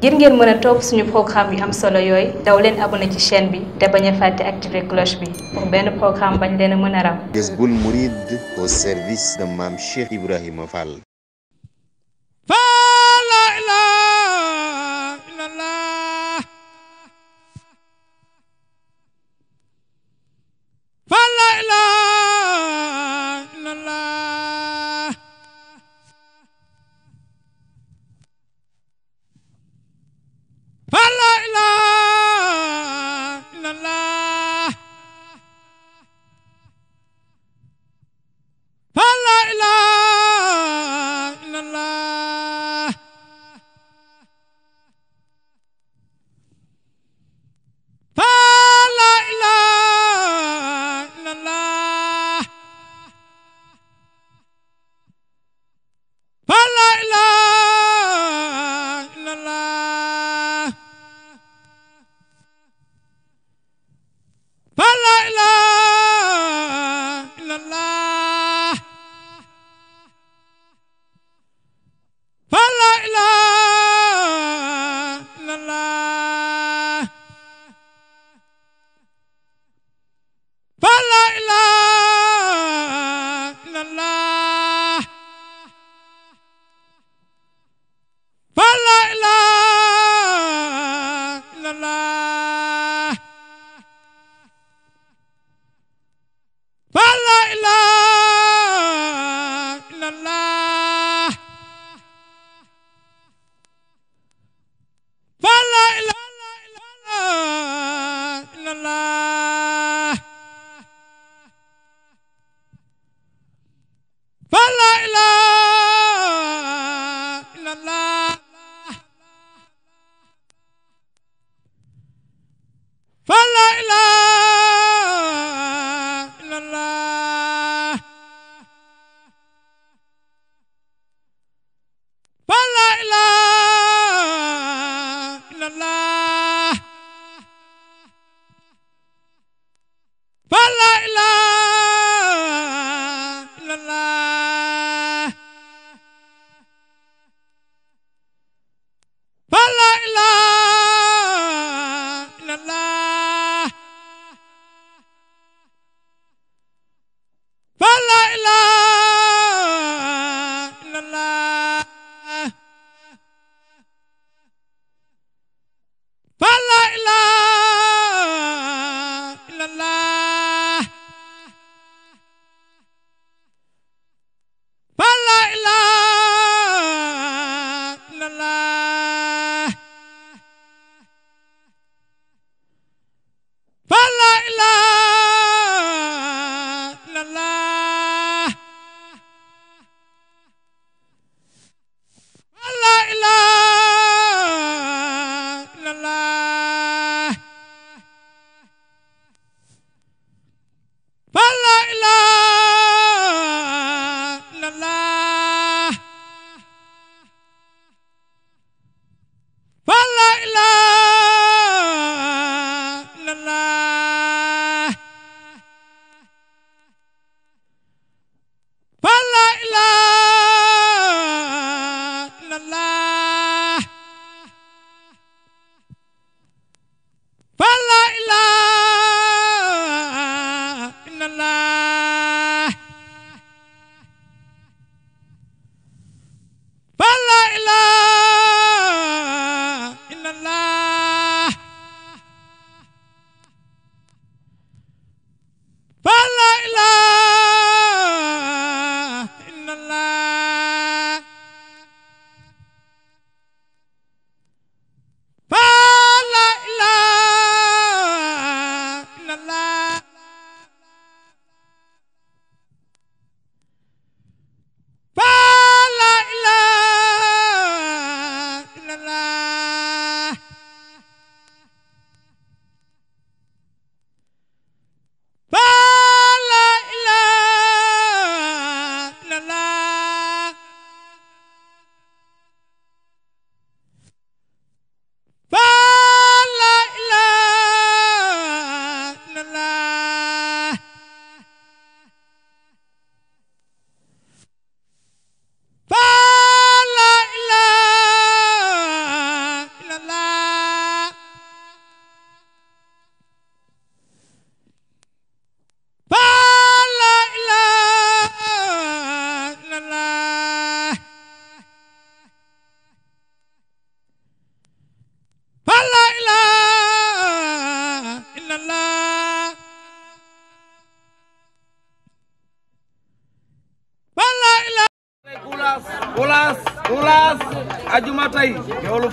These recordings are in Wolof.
ngir ngeen mën a topp suñu programme yu am solo yooyu daw leen abonné ci chaîne bi te bañ a fàtte activer cloche bi benn programme bañ leen a mën a ram Jazboul Mouride au service de Mame Cheikh Ibrahima Fall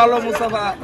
falou Mustafa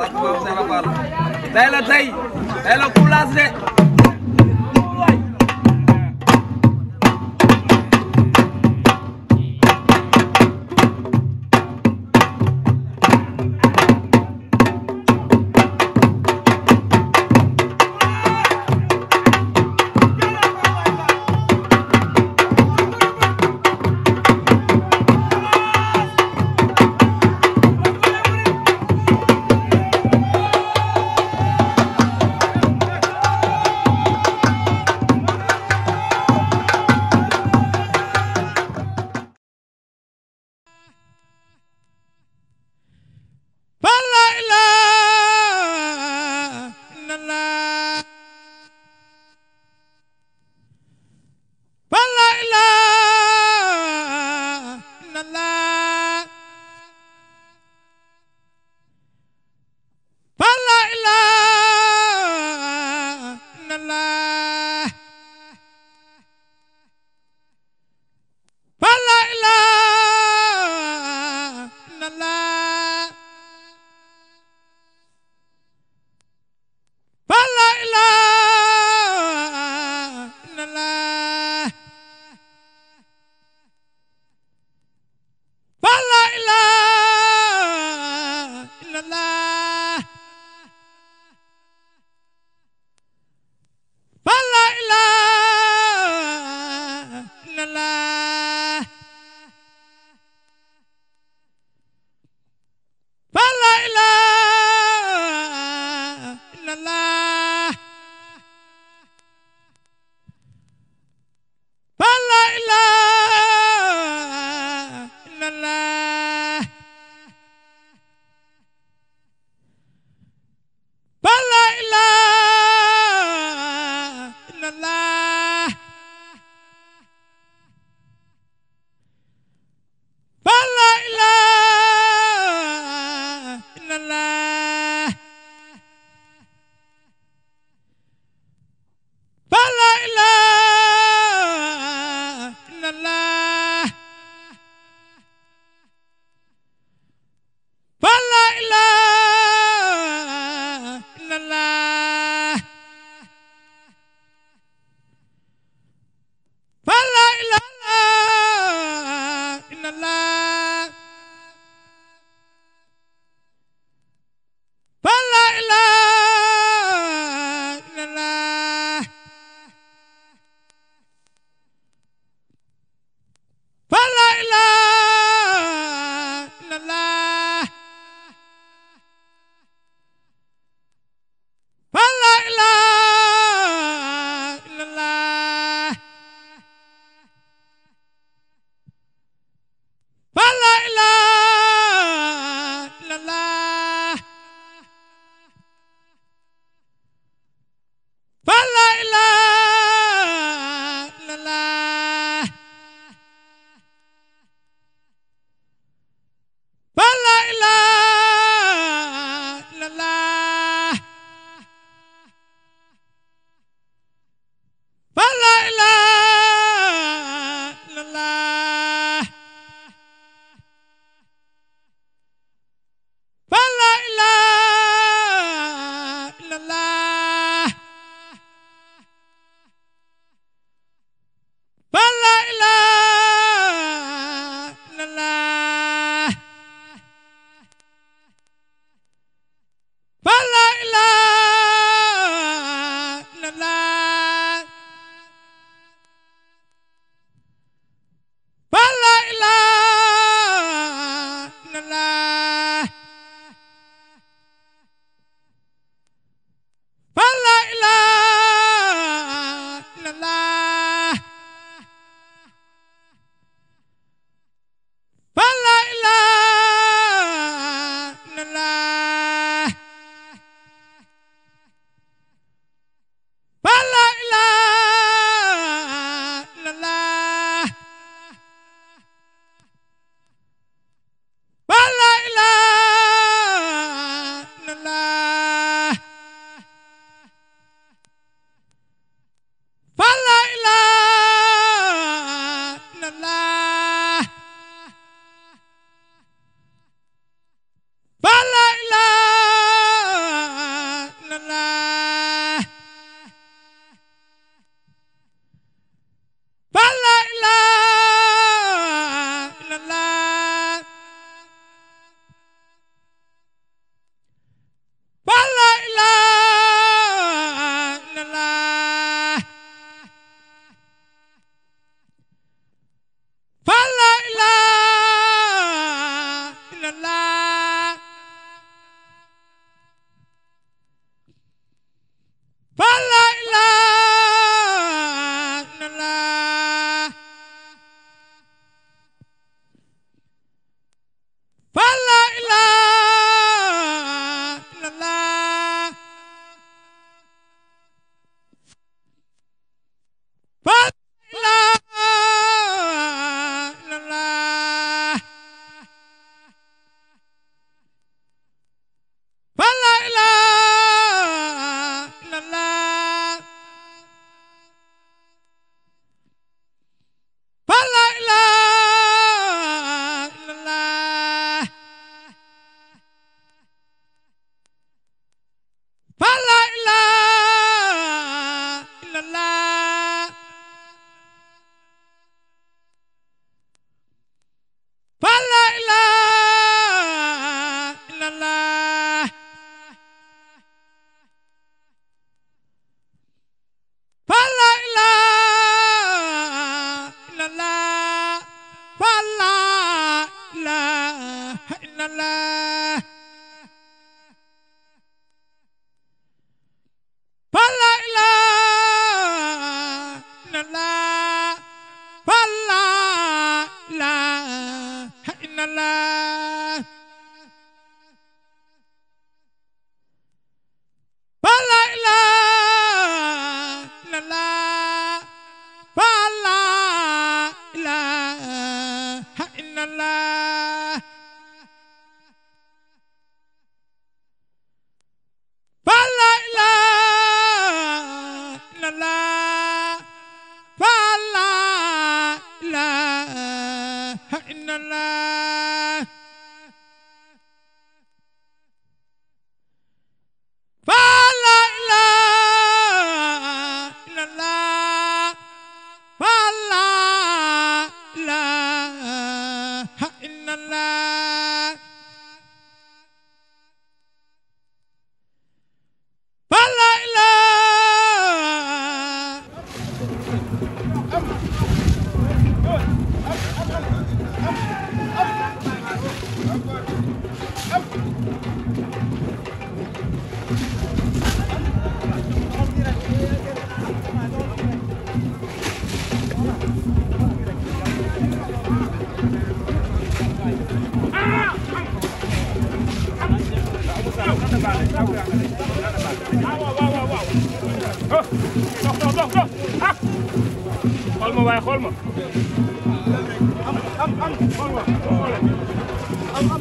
am am am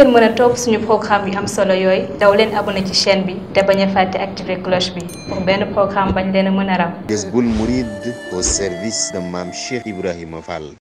ngir mën a topp suñu programme yu am solo yooy daw leen abonné ci chaîne bi te bañ a fàtte activer cloche bi pour benn programme bañ leen a mën a raw Jazboul Mouride au service de Mame Cheikh Ibrahima Fall